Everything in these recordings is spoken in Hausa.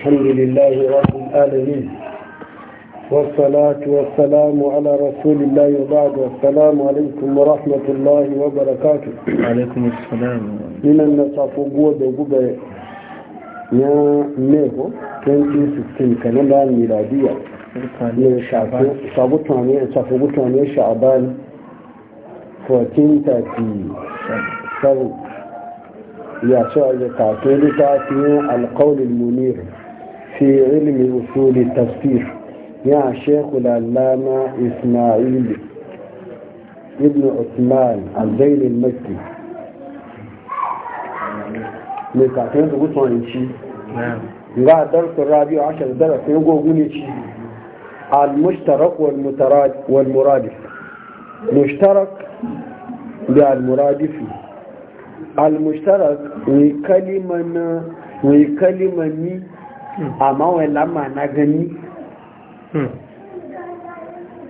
الحمد لله رب العالمين والصلاة والسلام على رسول الله وبعد والسلام عليكم ورحمة الله وبركاته عليكم السلام من النصف قوة قوة يا ميهو 2016 كالندا الميلادية صفو قطعني شعبان 1437 ya ce a zakatun littafin alkaunin munir في علم أصول التفسير يا شيخ العلامة إسماعيل ابن عثمان الزين المكي من كاتين بقصة إنشي نعم درس الرابع عشر درس يقول إنشي المشترك والمتراد والمرادف مشترك بالمرادف المشترك وكلمة وكلمة amma wai lamma na gani hmm.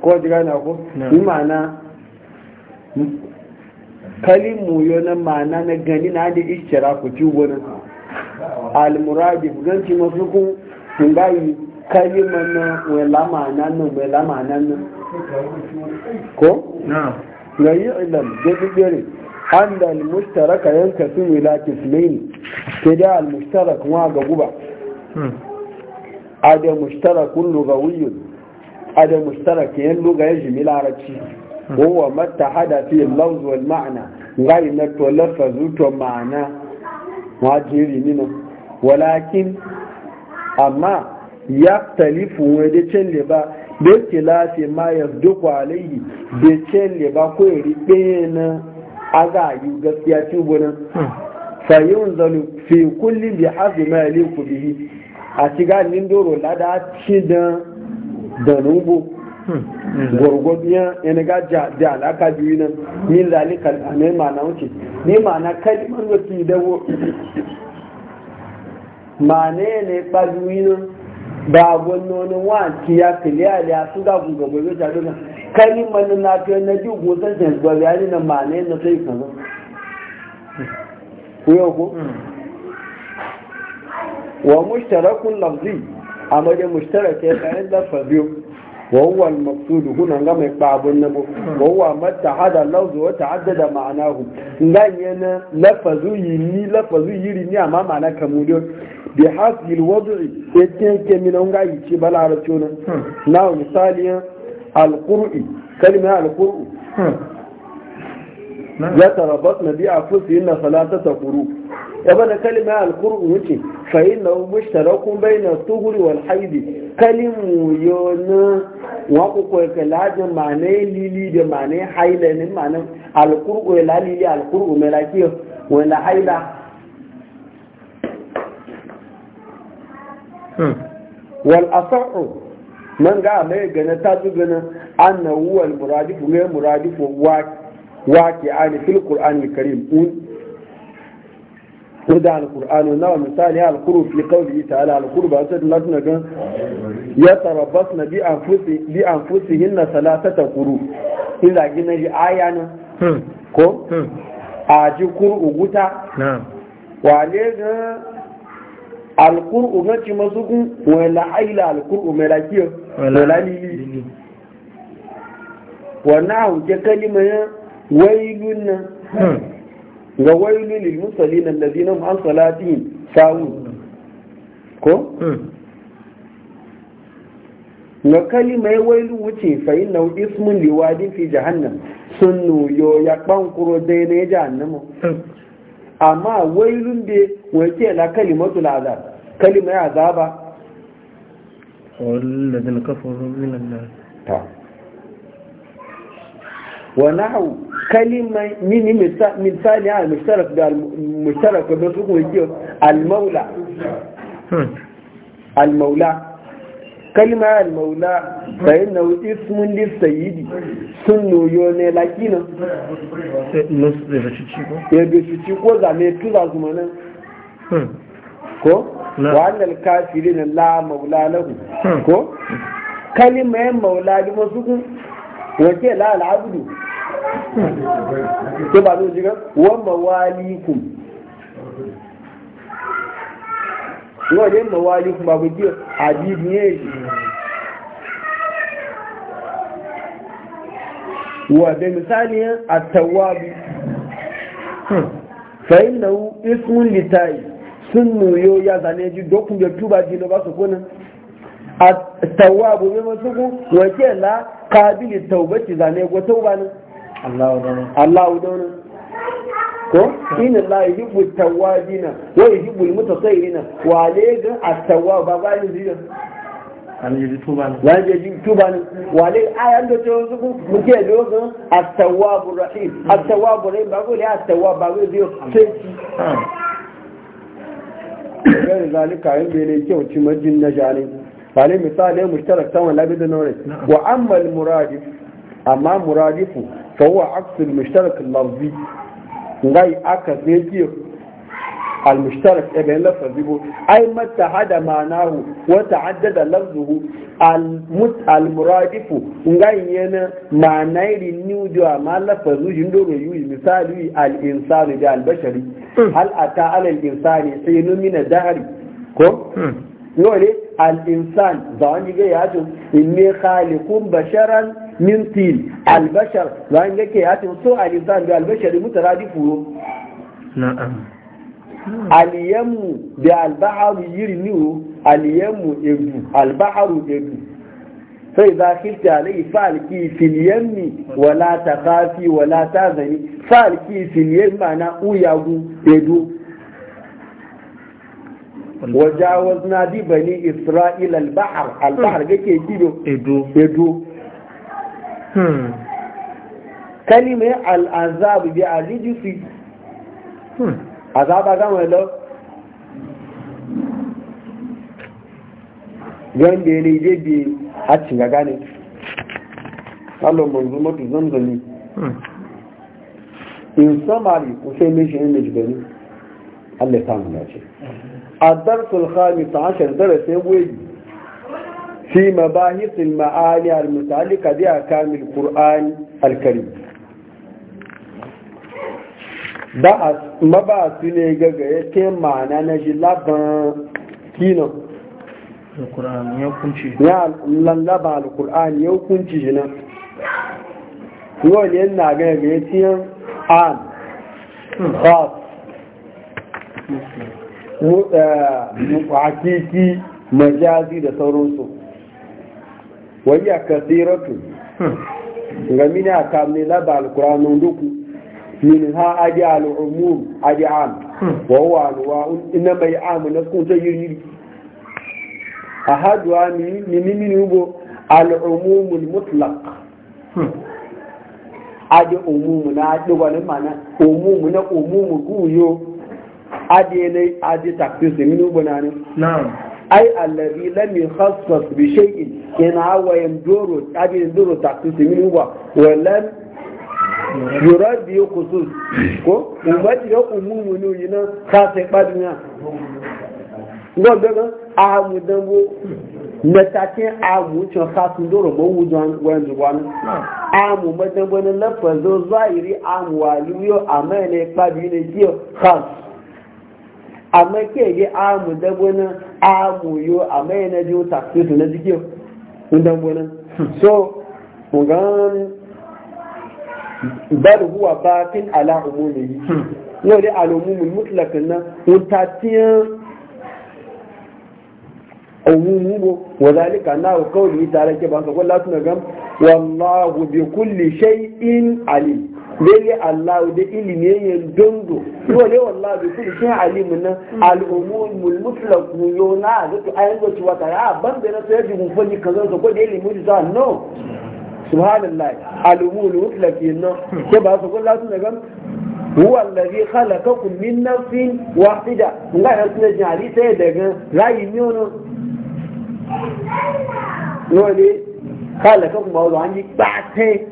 ko jira na ko imana kalimu na ma'ana na gani na da ishira ku ci wani almuradif ganci masu kun sun bayi kaliman na lamma na nan lamma na nan ko? na yi ilam gajigiri an da almushtaraka yanka sun wila kismini ke da almushtaraka wa ga guba Hmm. ada mushtarakun lugawiyun ada mushtarakiyan lugayen jimi larabci kowa hmm. mata hada fi lafz wal ma'ana gari na to lafazu to ma'ana jiri nina walakin amma ya talifu wadda can liba da ke lafi ma ya duk walayi da can ba ko ya riɓe na agayu gaskiya tubunan hmm. fayin zalu fi kullum bi hafi ma ya liku bihi àti gáàdì ní dòrò ládàá tí dán dànù gbò gwargwado yan yana gaja da alaka biyu nan min zalika ne ma'ana wuce ne ma'ana kalimar da su dawo ma'ana ba biyu ya su gagun gbogbo ta duna kalimar na na na biyu gosan sensuwa ya na ma'ana na sai wa mushtarakun lafzi a madin mushtaraka ya tsayin lafa biyu wa huwa al-maqsud huna ga mai babun nabo wa huwa mata hada lafzu wa ta'addada ma'anahu ngan yana lafazu yini lafazu yiri ni amma ma'ana kamudo bi hasbi al-wad'i yake min nga yici balara tuna na misali al-qur'i kalma al-qur'u ya tarabatna bi anfusihinna salatata quru' Ya yabana kalima ya alkur'u wuce fa yi na umar sharakun bai na tuhuri wal haidi kalimu yana wakwa kwaikwa lajin manai lili da manai haila ne manai alkur'u ya lalili alkur'u mai lafiya wanda haila hmm. wal asa'u nan ga mai gana ta ju gana an na wuwal muradifu mai muradifu wa ke ani fil qur'an karim ودا القرآن ونوى مثال على القرب في قوله تعالى على القرب أسد لدنا كان يتربصن بأنفسهن ثلاثة قروب إلا جينا جي آيانا كو آجي قرء غتا وعليه القرء غتي مسكن ولا عيلا القرء ملاكيه ولا ليلي ونعو كي كلمة ويلنا ga wailu lil musallin alladhina hum an salati sahun ko na hmm. kalimai wailu wuce fa inna ismun liwadin fi jahannam sun nuyo ya kuro dai ji jahannama hmm. amma wailun da wace la kalimatul azab kalimai azaba wal ladina kafaru min an wa nahu kalima mini misali al mushtarak da al mushtarak da su kuma kiyo al maula kalima al maula fa inna ismun lis sayyidi sunno yo ne lakina ya bi shi ko za me tuza kuma nan ko wa annal kafirin la maula lahu ko kalima maula bi wasu kun wace la al abdu ke ba zai jiga wa mawalikum wa ne mawalikum ba ku ji hadid ne shi wa da misali at-tawwabi fa innahu ismun litai sunnu yo ya zane ji dokun da tuba ji na ba su kunan at-tawwabu ne masu ku wa ke la qabili zane go tauba ne Allah udonu ko inna la yi tawabina wa dina, ko wa alayka at-tawwab ba ni zira an yi tuba ne la yi tuba ne wa lay ayan da to zuku muke dogo a tawa rahim at-tawwab rahim hmm. ba ko le a tawwab ba ko zira hmm. sai hmm. gari zalika yin bene kyau ci majin na jani bale misali mushtarak saman labi da nore wa amma muradifu. amma muradifu فهو عكس المشترك اللفظي غاي عكس يجي المشترك ابن لفظي اي ما اتحد معناه وتعدد لفظه المت المرادف غاي ينا معناه للنيوجو ما لفظه جندو يوي مثال الانسان ده البشري هل اتى على الانسان حين من الدهر كو نولي الانسان ظان يجي ياجو اني خالق بشرا min til albashar zan yake ya ce so alizan da albashar mutaradifu na'am aliyamu da albaharu yirniu aliyamu edu albaharu edu sai za ki alai falki fil yammi wala takhafi wala tazani falki fil yamma uyagu edu na bi bani Isra'il, albahar albahar gake hmm. kido edu Hmm. kalime al'azab bi alijisi hmm. azaba gama lo yanda ya ne bi hacci ga gane allon banzu mafi zanzani hmm. in samari kusai mai shi ne gani allai samun ya ce a darsul khamis a ashir darasai wuri في مباحث المعاني المتعلقة بأحكام القرآن الكريم da mabasu ne gaga ya ce ma'ana na shi laban kino ya lallaba al-kur'an ya hukunci nan yau yana gaga ya ce an khas hakiki majazi da sauransu wayya kasiratu hmm. ga mina kamni laba alquranun duku min ha aji al'umum aji am hmm. wa huwa anwa inna mai am na kun yiri ahadu ami ni ni ni ubo al'umum mutlaq hmm. aji umum na aji wani mana umum na umum guyo aji ne aji takfis ni ubo na na'am ai allazi lam yukhassas bi shay'in yana wa yamduru abi yamduru taqsis min wa wa lam yurad bi khusus ko ummati ya umumu ni yana ka sai badina ngo daga amu dambo matakin amu cin khasun doro ba wujan wani wani amu madan wani lafazin zahiri amu waliyo amma ne kpabi ne kiyo khasun amma ke ge amu da gona amu yo mai na ji wuta su na jikin undan gona so mugan bal huwa batin ala yi yau dai al'umumin mutlakin nan wuta tiyan umumu bo wa zalika na kawai yi tare ke ba ka kwallo na gam wallahu bi kulli shay'in alim lele Allah da ilimi ya dondo yau ne wallahi da su cikin alimin nan al'umul mulmutlaq yo na da to ayin da ciwa ta ya ban da na sai jigun fani kaza da ko da ilimi da ah, no subhanallah al'umul mutlaq no ke ba su kullu sun ga huwa allazi khalaqakum min nafsin wahida ga ya sun ji ali sai daga rayi ne no no ne khalaqakum ba wa an yi ba sai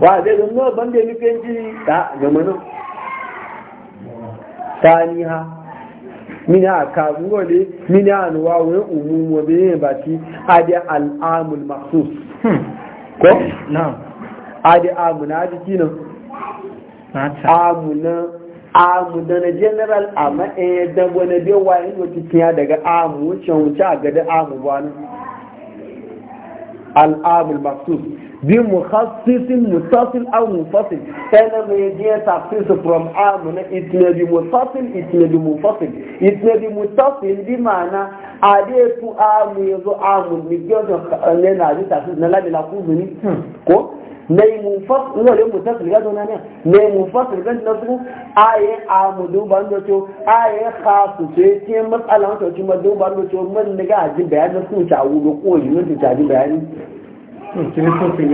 wa zai zan nawa ban da nufin jini ta gama nan ta ni ha mini a kamu wale mini a nuwa wani umumu wani yin baki adi al'amul maksus hmm. ko? na adi amuna jiki nan amuna amu da na general a matsayin da wani bewa yin wakilciya daga amu wuce wuce a gada amu wani al'amul maksus bi mukhassisin mutasil aw mufasil kana mai je tafsir from am na itne bi mutasil itne bi mufasil itne bi mutasil bi mana ade tu amu yazo amu ni gyodo ne na ji tafsir na labi la kuzuni hmm. ko nay mufassir wala mutasil ga dona ne nay mufassir ga nasu aye amu duban do to aye khasu ce ce matsalan to kuma duban do ko yi Hmm, hmm.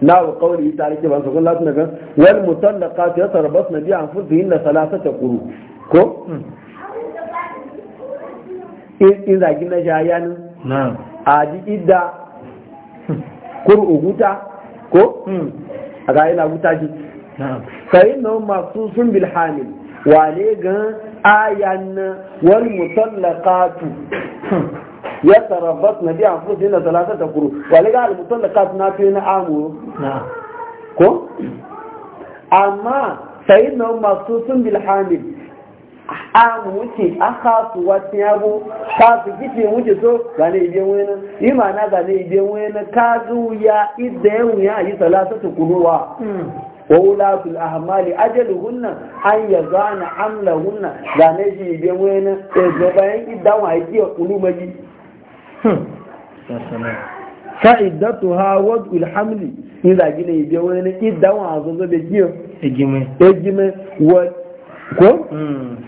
na wa kawai ke rike ban sakon latin daga mutum da ta yasa rabas na biya amfur yi na salasa ta kuru ko hmm. in zagi na jayanin a ji idda kuru huta ko a ga yana huta ji sayin na masu sun bilhamin wale gan ayan wal mutallaqatu yatarabbasna bi anfusihinna thalathata quru walaga al mutallaqat na fi na na ko amma sayyidina masusun bil hamid an wuce a kasu wata yabo kasu gice wuce so gane ibe wani yi ma'ana zane ibe wani kazu ya idan ya wuya a yi salatatu kuruwa Wa wawulatul amali ajalu hunna an ya zana amla hunna zane shi ibe wena e zoba yanki dawa aiki ya kulu maji fa iddatu ha wadu ilhamli ni da gina ibe wena ki dawa a zozo be jiyo ejime wa ko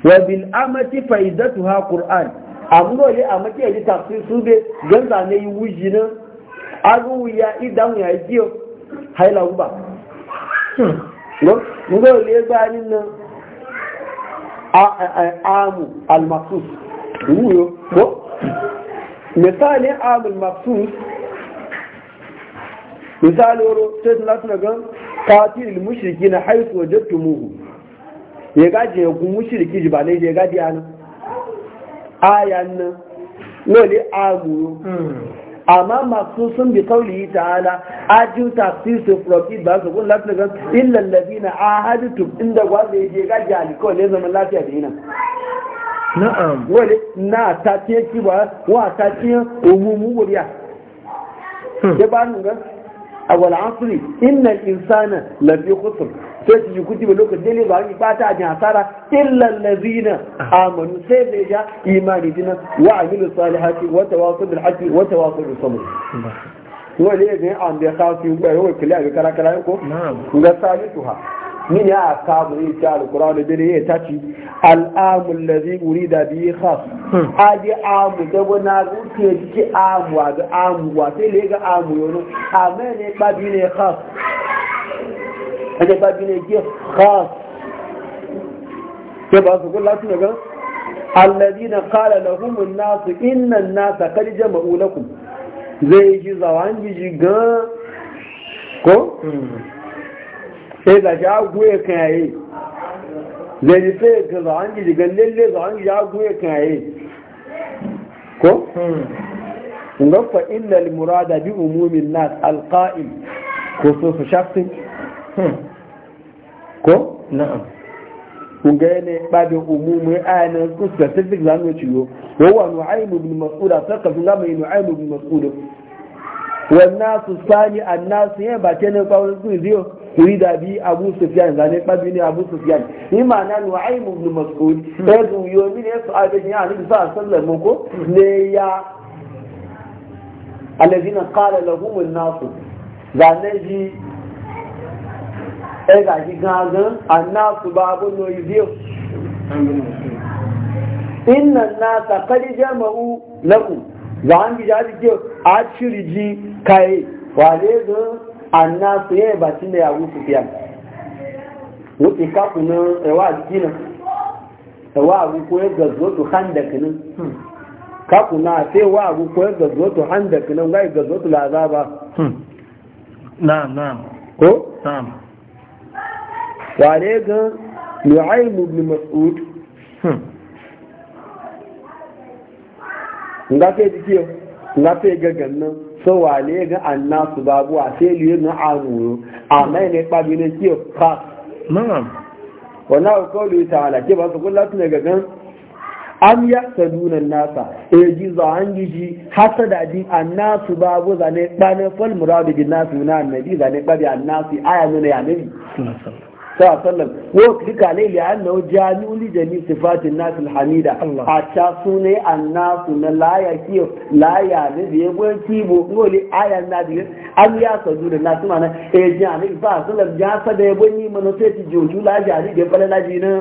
wa bil amati fa iddatu ha qur'an amuro ye amati ya ji tafsir sube ganza ne yi wujina azu ya idan ya jiyo hailawu ba ngo le gba nínú àmù almasus wúyo ko misali àmù almasus misali oro sai tun lati gan kati ilmushiriki na haifu wajen tumuhu ya gaji ya kun mushiriki ji ba ne ya gaji ya nan ayan nan ne amuru amma masu sun bi kaulihi ta'ala ajin su profi ba su kun lafiya ga illal ladina ahadtum inda wanda yake ga jaliko ne zaman lafiya da ina na'am wale na ta ce ki ba wa ta ce umumu wuriya hmm. ya ba nuna او العصري ان الانسان لم يخسر فتي كنت بلوك الدليل ضعيف فاتا عن الا الذين امنوا سيد ايجا ايمان دينا وعملوا الصالحات وتواصل بالحج وتواصل بالصبر نعم. هو ليه ده عم بيخاف يقول هو الكلاء بكرا كلا يقول نعم وقال ثالثها min ya kamu ne ta alkurani bin ya taci al'amun da zai wuri da biyu khas a ji amu da wana zuke ji amu a amu wa sai le amu yoro a ne babi ne khas a ne ne ke khas ke ba su kula tuna ga الذين قال لهم الناس إن الناس قد جمعوا لكم zai ji zawan ji ga ko sai da shi ya kayaye zai sai ga zahangi daga lalle zahangi ya ya kayaye ko? ngafa inna murada bi umumin nas alka'in ko so su shafin ko? na'am kunga yana ba da umumi ayanin ku specific language yo wawa nu'aymu bin mas'uda sarka sun gama yi nu'aymu bin mas'uda wannan su sani annasu yin ba kenan kwawon su ziyo urida bi abu sufyan zane babi ne abu sufyan ni ma'ana nu'aym ibn mas'ud sai hmm. zu yomi ne su abin ya ni sa sallan ko hmm. ne ya alladhina qala lahum an-nas zane ji ai e ga ji gagan annasu babu no yiyo inna nasa zan ke a ji kai wale annasu yayi ba tun da ya abu sufiyan wuce kafu nan ewa jina ewa abu ko ya gazo to handak nan hmm. kafu na sai wa abu ko ya gazo to handak nan ga gazo to lazaba hmm. na'am na'am ko na'am wale ga nu'aym ibn mas'ud hmm. nga fe dikiyo ngafe fe gagan nan so wale ga annasu babu a sai liye na amuru amma ne kpabi ne ke fa na'am wannan ta ala ke ba su kullatu ne am ya nasa e ji za an giji hasada ji annasu babu zane kpanin fal muradu bin nasu na annabi zane kpabi annasu aya nuna sallallahu alaihi wasallam wa kika lai li annahu jami'u li jami sifati an nas al-hamida a ta sunai annasu na la ya ki la ya ne da yabo kibo ngoli aya na di an ya so du na nasu mana e ji an annabi sallallahu alaihi wasallam ya sa da yabo ni mana sai ti joju la ja jari da falala ji na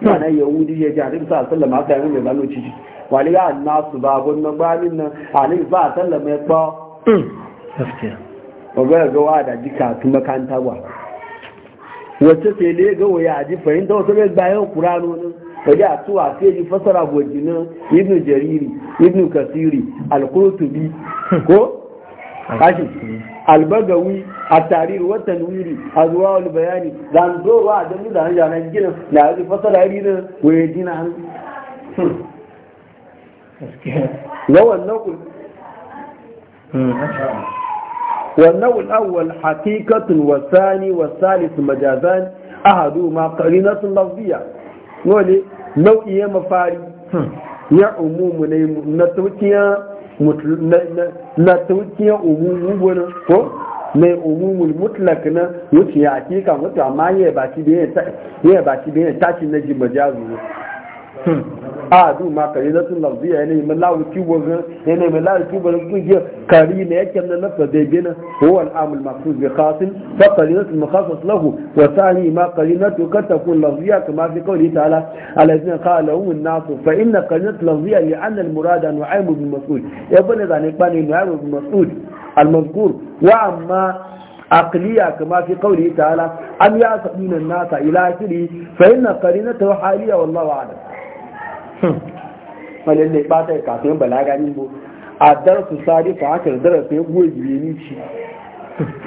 mana yahudi ya ja annabi sallallahu alaihi wasallam aka yi mai balo ciki wali ya annasu ba gonnan gbanin nan ba sallallahu alaihi wasallam ya ba gaskiya ga wa da jika tun makanta ba wacce sai ne ga waya ji fahimta wata mai bayan kurano nan ji a tuwa sai yi fasara gwaji nan ibnu jariri ibnu kasiri alkurtubi ko kashi albagawi a tarihi wata nuri a zuwa wani bayani zan zo wa a dan zanen zanen gina na yanzu fasara yi nan waya gina an hmm. ga wannan والنوع الأول حقيقة والثاني والثالث مجازان أحدهما قرينة لفظية نولي نوع إيه مفاري يا عموم نتوكيا نتوكيا عموم بنا mai umumul mutlak na wuce ya hakika mutu amma ya ba shi da ya tashi na jimajazu a du ma kare na tun lafiya yana yi malawu kiwon ran yana yi malawu kiwon ran kungiyar kari na yake na nafa da gina ko al'amul masu bi khasin fa kare na tun makhasas lahu wa sani ma kare na tun ka takun lafiya kama fi kawai ta ala alazina ka alawun nasu fa inna kare na tun lafiya li an al-murada nu'aymu bin mas'ud ya bane zane kwane nu'aymu bin mas'ud al-mazkur wa amma عقلية كما في قوله تعالى أم يعصبون الناس إلى آخره فإن قرينته حالية والله أعلم Hmm. wani ne ba ta kafin balaga ni bo a darasu sari fa haka darasu ya goyi ni shi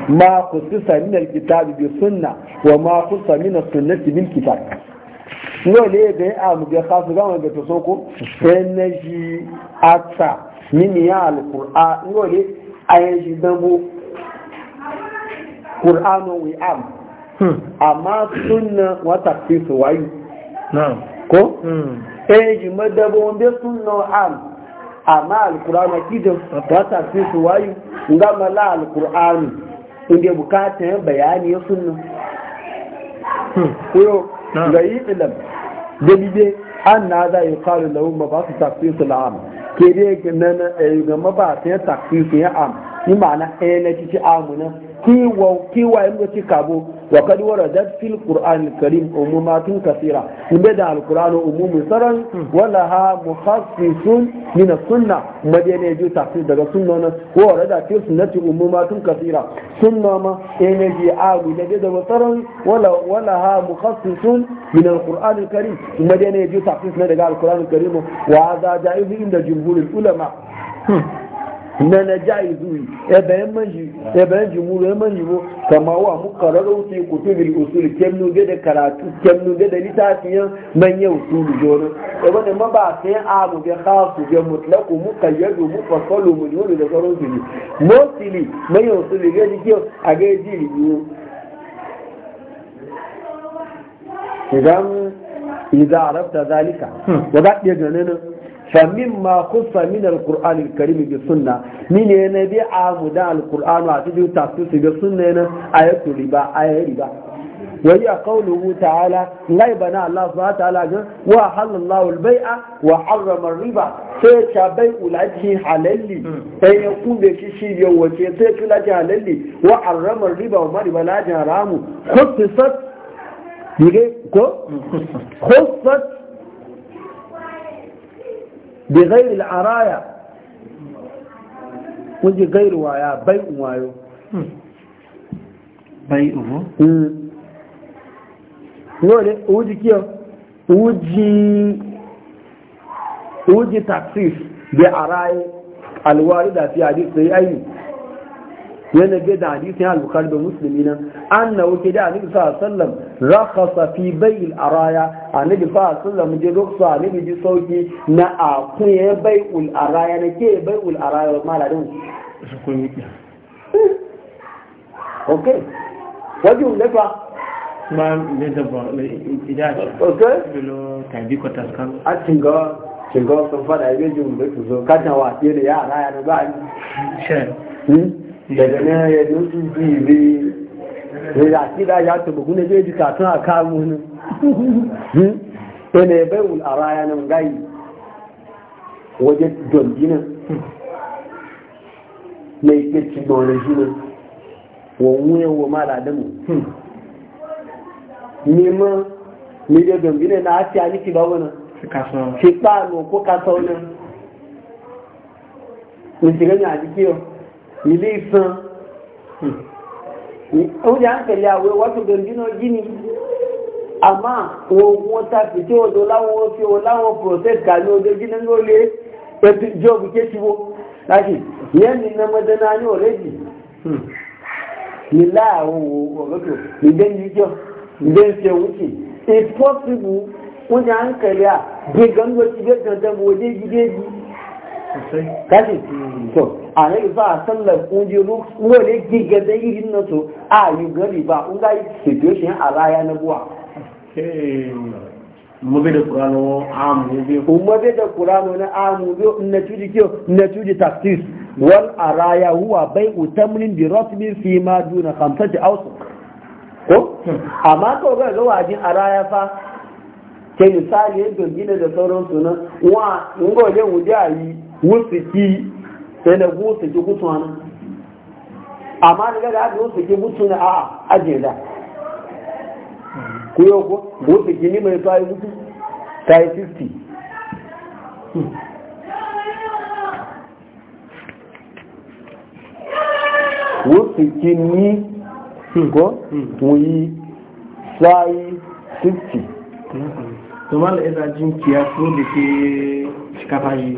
ma kususa na alkitab bi sunna wa ma kususa na sunnati bil kitab ngo le be ga be khasu ga wanga to soko enaji atsa min ya alquran ngo le ayaji dambo qur'anu wi am hmm. amma sunna wa tafsir wayu na'am ko hmm. ẹjì madabon bai sunna am lọ alkur'ani kidan alìkùránà kí jẹ wayu ga mala alkur'ani inda bukatan bayani ya sunna koyo hmm. ga yi ilam da bibe an na za yi kalu lahu ma ba su takfisu la'am ke dai eh, ga mabata ya ya am ni ma'ana ɗaya na amuna kiwa kiwa inda ci kabo wa kad waradat fil qur'an karim umumatun kasira inda da alqur'an umumun saran wala ha mukhassisun min sunna madene ju tafsir daga sunna na wa warada fil sunnati umumatun kasira sunna ma ene ji abu da da saran wala wala ha mukhassisun min alqur'an karim madene ju tafsir daga alqur'an karim wa hadha ja'iz inda jumhur ulama hmm. na na jaizu ebe manji ebe jimu ebe manjimu kama wa mu kararo fi kutubil usul kemnu ge da karatu kemnu ge da litafiyan manye usul jona ebe ne ma ba sai mu be khasu be mutlaqu muqayyadu mufassalu mujhulu da sauran su mostly manye usul ge ji ke a ge ji yu idan idan arabta zalika wa hmm. ba ɗaya ganin famin ma kusa min alkur'an alkarim bi sunna min ne ne bi a guda alkur'an a cikin tafsir bi sunna ne a ya turi ba a ya riba wa ya qawlu ta'ala laiba na allah subhanahu ta'ala ga wa halallahu albay'a wa harrama riba sai ka bai ulaji halalli sai ya shi shi ya wace sai kula ji halalli wa harrama riba wa mari bala ji haramu khusat yige ko khusat bi ghairi araya kun ji gairu waya bai'un wayo bai'un ne uji kiyo uji uji taksif bi araye alwari da fi aini yana ga da na al-bukhari da muslimi nan annahu kida annabi sallallahu alaihi wasallam rakhasa fi bayil araya annabi sallallahu alaihi wasallam ji ruksa annabi ji sauki na akuye bayul araya na ke bayul araya maladin okay wajin lafa ma ne da ba ne ida okay bilo tabi ko taskan a tinga tinga sun fada yaje jumbe su zo katawa ne ya araya ne ba shi daga na ya nufi bibi da ya kira ya taba gune zai ji katon a kamu ne hmm? ne bai wul a raya nan gayi waje dombi na yi ike ci dole shi wa wawuye wa maladamu neman hmm. ni da dombi ne na ake ani ki ba wani ki kpano ko kasau nan ni shiga ne a jikiyo ilé ìsan oúnjẹ à ń tẹ̀lé àwẹ̀ wọ́tò gẹ̀rẹ́gínà gíní àmá ogun tàbí tí ó dó láwọn fi o process kà ní ojú gíní ló lé jọ́bù ké ti wo láti yẹn ní ní ọ̀rẹ́dì ní láàrún ọ̀rẹ́dì nígbẹ́ ní jọ kashi to a nan za a sallar kunji wani giga da irin na to a yi gari ba un ga yi situation a raya na buwa mabe da kurano amu ne biyu mabe da kurano na amu biyu na tuji kyau na tuji tafsir wal araya huwa bai utamrin bi rasmi fi ma duna khamsati awsu ko amma ko ga ga wajin araya fa ke misali yadda gina da sauran sunan wa ngo le wuje ayi wasu ki sai na wasu ki gutu wani amma daga da aka wasu ki gutu na a'a ajiye da ku yau ko wasu ki ni mai ta yi mutu, ta yi 50 wasu ki ni ko wuyi ta yi 50 to mala ina jin kiyasu da ke shikafa yi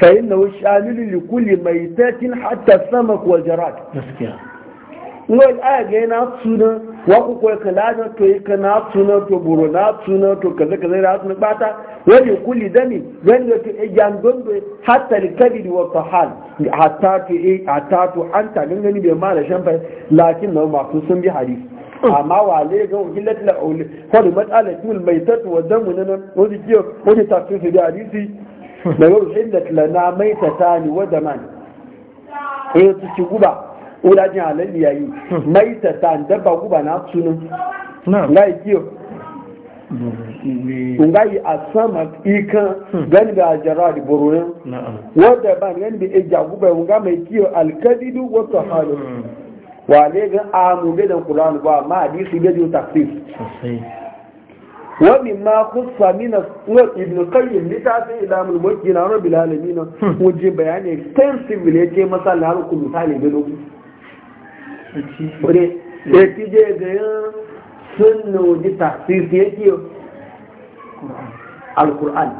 فإنه شامل لكل ميتات حتى السمك والجراد ngol aya ga yana tsuna wa ku koyi kalana to yi kana tsuna to buru na tsuna to kaza kaza na tsuna bata wani kuli dami wani da to e jandon do hatta li kabiri wa tahal hatta to e hatta to anta bai mala shan fa lakin na ma su sun bi hadisi amma ga nan wani hadisi daga mai ta maitatani wadda man ya tuci guba ula yayi mai ta maitatan dabba guba na sunan na kiyo ngayi sama ikan hmm. gani ga da burunin wadda ban gani bi ija guba nga mai kiyo alkadidu wa sahalu hmm. wa le ga amu da qur'an ba ma hadisi da tafsir ومما خص من ابن القيم لتعفي إلى من الملك إلى رب العالمين وجه بيان extensive ليتي مثلا هارو كل مثال بلو ودي يتيجي غير سنة ودي تحسيس يتي القرآن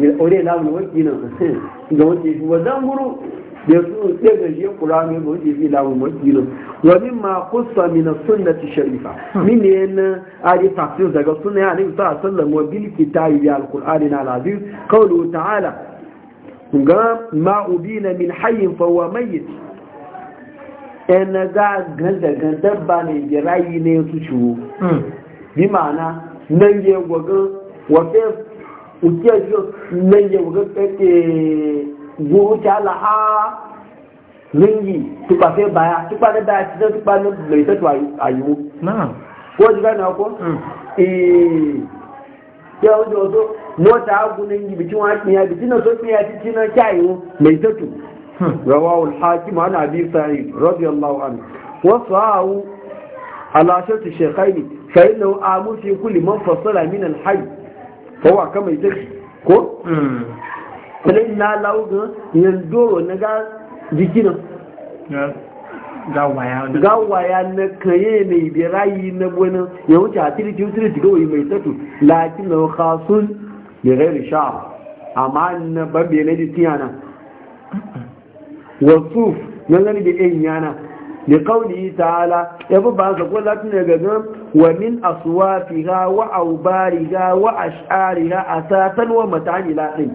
ودي لا من الملك إلى وزنغرو da su sai da shi kurani ba wuce fi lamun masjidin wa min ma kusa min sunnati sharifa hmm. min ne na ari tafsir daga sunna ya nabi sallallahu alaihi wa bil kitabi bi alqur'ani na alaziz qawlu ta'ala ga ma ubina min hayyin fa huwa mayyit en ganda ne jirayi ne su ciwo hmm. bi ma'ana nan ya wa fa ukiya nan ya gwagan kake wo ta la ringi tupa fe baya tupa ne baya tupa le ayu na ko ji na ko eh ya ne ngi wa so na le fasala min al ko tẹlẹ na aláwọ gan yẹn dóró ní ká ga waya na kaye mai birayi na gwanin ya wuce a tiriti tiriti gawai mai tatu lakin na khasun da gairu sha amma na babbe na jisi yana wasu na gani da yan yana da kauli ala, ya fi ba sa ko latin da gagan wa min aswafiha wa aubariha wa ash'ariha asatan wa mata'ila din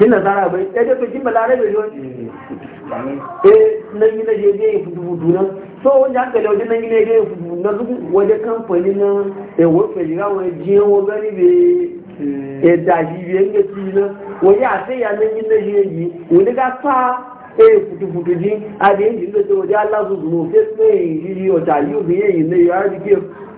kina zara bai ya je to kin balare bai yo eh nan gina je je fudu fudu nan so wanda aka lauje nan gina je fudu na zugu waje kamfani na e wofe jira wani jiyan na waje a sai ya nan gina je yi wani ga fa e eh, fudu fudu ji a da yin jin da waje Allah zuzu no fe sai yi yi o ta yi o bi yin ne ya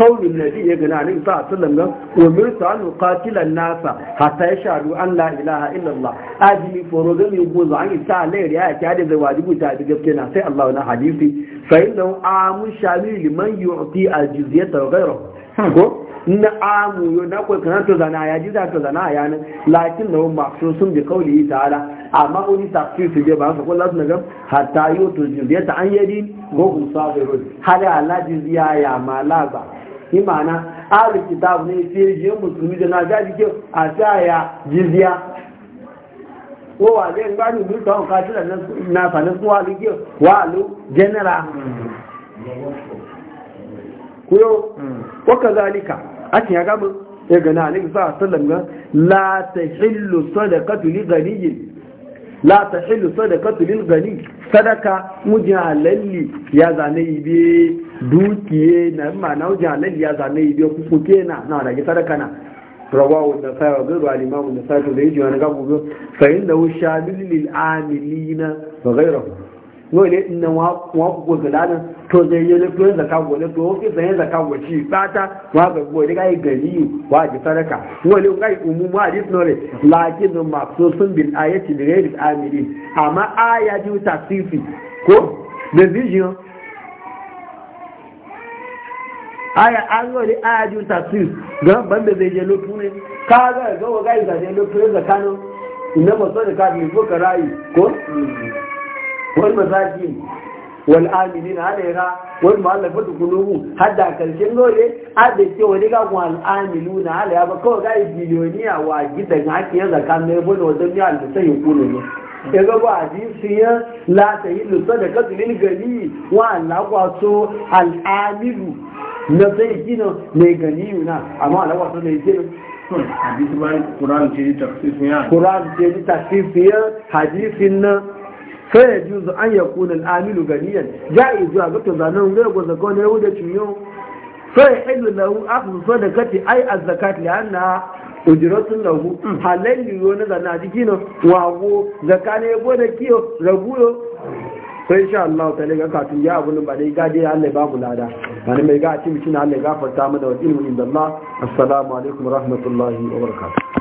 قول النبي يقول عليه الصلاة والسلام ومرت أن أقاتل الناس حتى يشهدوا أن لا إله إلا الله أجمي فرغم يبوز عن إساء لير آية هذا كاد زواجب تعد قبتنا نعم، سي الله ونا حديثي فإنه عام شامل من يعطي الجزية وغيره إن عام ينقل كنا ko يا جزا zana ya ji za to zana ya nan lakin da ma so sun bi kauli ta'ala amma uni tafsir su je ba su kullu sun ga hatta yi ma'ana ahli kitab ne sai je musulmi da na ga jike a tsaya jiziya ko wa zai ba ni duk tawon ka tira na sanin kuwa liki wa alu general kuyo ko kazalika a cikin ya mu ya gana alaihi sallam ga la tahillu sadaqatu li ghaniyyin la tahillu sadaqatu lil ghani sadaka mujalalli ya zane bi dukiye na ma'ana wajen halalli ya zane yi biyo kuku kenan na rage sadaka na rawa da sai wa gairu al da sai da yaji wani gabu biyo fa da hu shamil lil ba wa ghayruhu no ne inna waku wa zilanin to zai yi ne to zaka gole to ki zai zakka go ci bata wa ga go ne kai gari wa ji sadaka no ne kai umumu a no ne lakin maqsusun bin ayati da ghairi amilin amma aya ji sisi ko da vision aya an gori aya biyu tafsir ga banda zai je lotu ne ka ga ga wa gai zai je da kano Ina inna so da kafin ko karayi ko wal masakin wal aminin alayha wal mu'allafatu qulubu hadda karshen dole a da ke wani ga kun al aminuna alayha ba ko gai biliyoniya wa gidan hakiya zakano ne bono da ya al sai ku ne ya gaba hadisi ya la ta yi lusa da kasu lil gani wa Allah kwaso al'aminu. na sai kino mai gani na amma alawa wasu ne gina. Hmm, hadisi bayan Qur'an ce ta tafsirin Qur'an ce ta tafsirin hadisin nan sai ya juzu an ya kuna al'amilu ya yi zuwa ga to zanen ga gwaza ga wani yau da ciyo sai ya ilu da kati ai a zakat ya li'anna ujiratun lahu hmm. halalli yo na zana jikino wago zakane yabo da kiyo raguyo sai sha Allah ta ga katun ya abu ba dai gade Allah ba mu lada wani mai ga ci mutum Allah ya gafarta mu da wajen mu da Allah assalamu alaikum rahmatullahi wa barakatuh